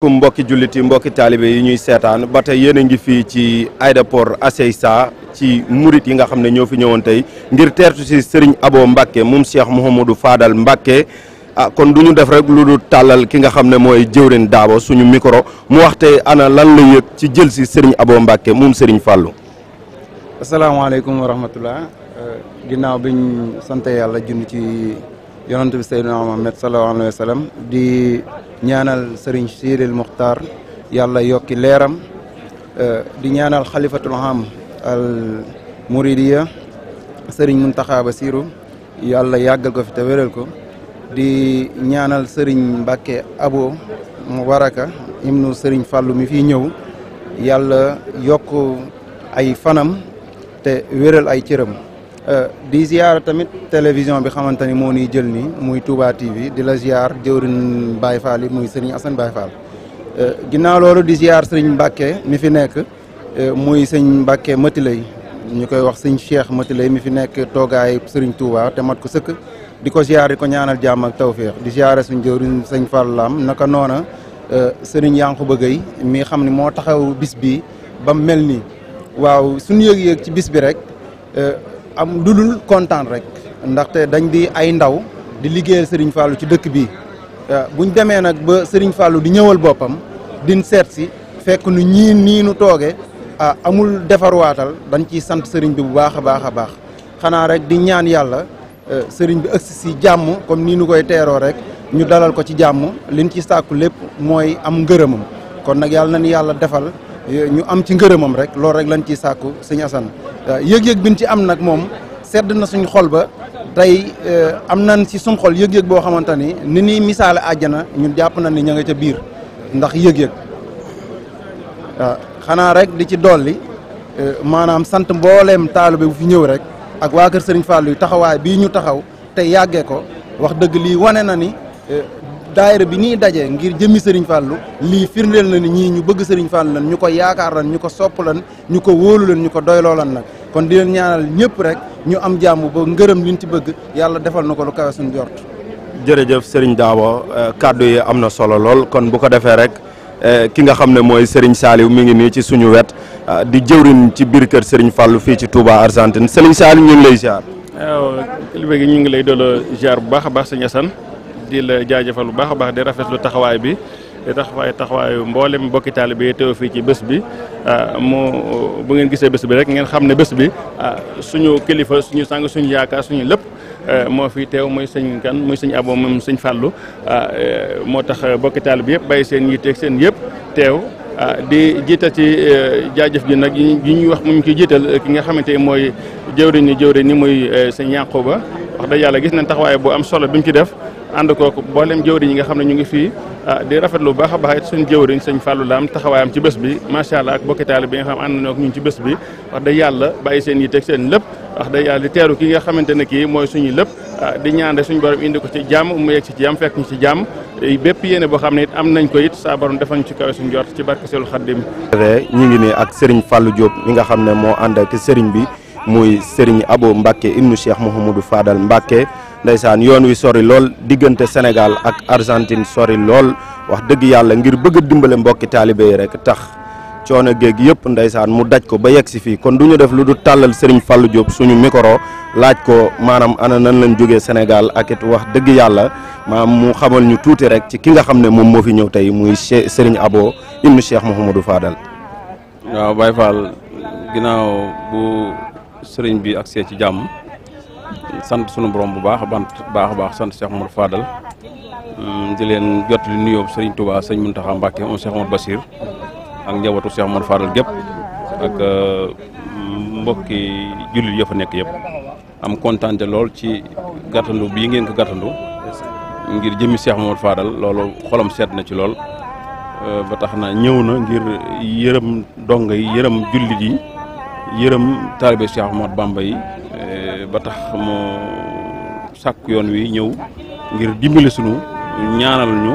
kum mbokki jullit yi mbokki taalibe yi ñuy seetaan ba tey yéen a ngi fii ci aéroport Azeiza ci murit yi nga xam ne ñoo fi ñëwoon tey ngir teertu si sëriñ Abo Mbacke moom Cheikh mu Fadal Mbacke ah kon du ñu def rek lu du tàllal ki nga xam ne mooy jëwrin Daabo suñu mikro mu wax tey ana lan la yëg ci jël si sëriñ Abo Mbacke moom sëriñ Fallou. asalaamaaleykum wa rahmatullah euh, ginnaaw biñ sant yàlla junni ci yonent bi Seydina Muhammad sallallahu alayhi wa sallam di. ñaanal sëriñ Sidil Muxtaar yàlla yokki leeram euh, di ñaanal xalifatul ham al muridiya sëriñ Muntaxa Basiru yàlla yàggal ko fi te wéral ko di ñaanal sëriñ Mbàkke Abo mu waraka imnu sëriñ Fàllu mi fi ñëw yàlla yokk ay fanam te wéral ay cëram Euh, di ziar tamit télévision bi xamante ni moo ñuy jël ni muy Touba TV di la ziar jëwriñ Baye Fall yi muy Serigne Assane Baye Fall euh, ginnaaw loolu di ziar Serigne Mbacke mi fi nekk euh, muy sëñ Mbacke Matilay ñu koy wax sëñ Cheikh Matilay mi fi nekk toogaay Serigne Touba te mat ko sëkk di ko ziar di ko ñaanal jàmm ak tawféex di ziare suñ jëwriñ sëñ Fallam naka noona Serigne Yankuba Gueye mi xam ne moo taxaw bis bi ba mel nii waaw suñu yëg-yëg ci bis bi rek. am lu dul kontaan rek ndaxte dañ di ay ndaw di liggéeyal Serigne Fallou ci dëkk bi euh, buñ demee nag ba Serigne Fallou di ñëwal boppam din seet si fekk nu ñii nii nu tooge ah amul defarwaatal dañ ciy sant Serigne bi bu baax a baax a baax xanaa rek di ñaan yàlla euh, Serigne bi ëgsi si jàmm comme nii nu koy teeroo rek ñu dalal ko ci jàmm liñ ci sàkku lépp mooy am ngërëmam kon nag yàlla na ni yàlla defal euh, ñu am ci ngërëmam rek loolu rek lañ ciy sàkku Serigne Assane yëg-yëg bi ñu ci am nag moom sedd na suñu xol ba tey eh, am na si suñ xol yëg-yëg boo xamante ni ni ñuy misaale àjjana ñun jàpp nañ ni ña nga ca biir ndax yëg-yëg waaw xanaa rek di ci dolli eh, maanaam sant mboolem taalibe bu fi ñëw rek ak waa kër Serigne Fallou taxawaay bii ñu taxaw te yàggee ko wax dëgg lii wane na ni eh, daayira bi nii dajee ngir jëmmi sëriñ Fallou lii firndeel na ni ñii ñu bëgg sëriñ Fallou lan ñu ko yaakaar lan ñu ko sopp lan ñu ko wóolu lan ñu ko doyloo lan nag kon di leen ñaanal ñëpp rek ñu am jàmm ba ngërëm liñ ci bëgg yàlla defal nu ko lu kawe suñ jort jërëjëf sëriñ Daabo euh, kàddu yi am na solo lool kon bu ko defee rek euh, ki nga xam ne mooy Serigne Saliou mi ngi nii ci suñu wet euh, di jëwrin ci biir kër Serigne Fallou fii ci Touba Argentine Serigne Saliou ñu ngi lay ziar. waaw kilifa ñu ngi lay doon ziar bu baax a baax sëñ Assane di la jaajëfal bu baax a baax di rafetlu taxawaay bi di taxawaay taxawaayu mboolem mbokki taalibe yi teew fii ci bés bi ah, mu bu ngeen gisee bés bi rek ngeen xam ne bés bi ah, suñu kilifa suñu sang suñu yaakaar suñu lépp eh, moo fi teew muy sëñ kan muy sëñ abo moom sëñ fàllu ah, eh, moo tax bokki taalibe yëpp bàyyi seen yitteeg seen yëpp teew di jiital ci eh, jaajëf ji nag yi ñuy wax mu ñu ci jiital ki nga xamante ni mooy jëwriñ ni jëwriñ ni muy sëñ Yankuba wax dëgg yàlla gis nañ taxawaay bu am solo bi mu def ànd kooku mboolem jëwriñ yi nga xam ne ñu ngi fii ah, di rafet lu baax a baax it suñu jëwriñ sëñ Fallou am taxawaayam ci bés bi macha allah ak bokki taal bi nga xam ànd na ak ñun ci bés bi yàlla bàyyi seen yi teg seen lépp wax dëgg yàlla ki nga xamante ne kii mooy suñu lëpp ah, di ñaan suñu borom indi ko ci jàmm mu yegg si ci jàmm fekk ñu ci jàmm bépp yéene boo xam ne it am nañ ko it saa borom defal ñu ci kawe suñu jot ci barke Seelu Xaddim ñu ngi ne ak Serigne fàllu Diop mi nga xam ne moo ànd ak Serigne bi muy Serigne Abo Mbacke ibnu Cheikh Mouhamadou Fadal Mbacke ndeysaan yoon wi sori lool diggante Sénégal ak Argentine sori lool wax dëgg yàlla ngir bëgg a dimbale mbokki taalibe yi rek tax coono géeg yëpp ndeysaan mu daj ko ba yegg si fii kon du ñu def lu du tàllal Serigne Fallou Diop suñu micro laaj ko maanaam ana nan lañ jógee Sénégal ak wax dëgg yàlla maam mu xamal ñu tuuti rek ci ki nga xam ne moom moo fi ñëw tey muy Serigne Abo mu Cheikh Mouhamadou Fadal. waaw Baye Fall ginnaaw bu Serigne bi agsee ci jàmm. sant sunu borom bu baax bant baax a baax sant Cheikh Mouhamadou Fadal mm, di leen jot li nuyoo sëriñ Touba sëñ Mountakha Mbacké moom Cheikh Mouhamadou Bassir ak njabootu Cheikh Mouhamadou Fadal gépp ak mm, mbokki jullit ya fa nekk yëpp am kontaan lool ci gàttandu bii ngeen ko gàttandu ngir jëmmi Cheikh Mouhamadou Fadal loolu xolam seet na ci lool euh, ba tax na ñëw na ngir yërëm donga yi yërëm jullit yi yërëm taalibe Cheikh Bamba yi ba tax mu sàkk yoon wi ñëw ngir dimbali sunu ñaanal ñu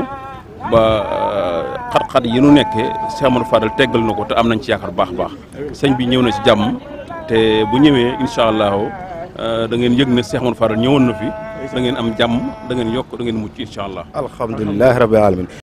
ba euh, xat-xat yi nu nekkee Cheikh Amadou Fadal teggal na ko te am nañ ci yaakaar baax baax sëñ bi ñëw na si jàmm te bu ñëwee incha allahu euh, da ngeen yëg ne Cheikh Amadou ñëwoon na fi da ngeen am jàmm da ngeen yokk da ngeen mucc incha allah. alhamdulilah rabbil alamin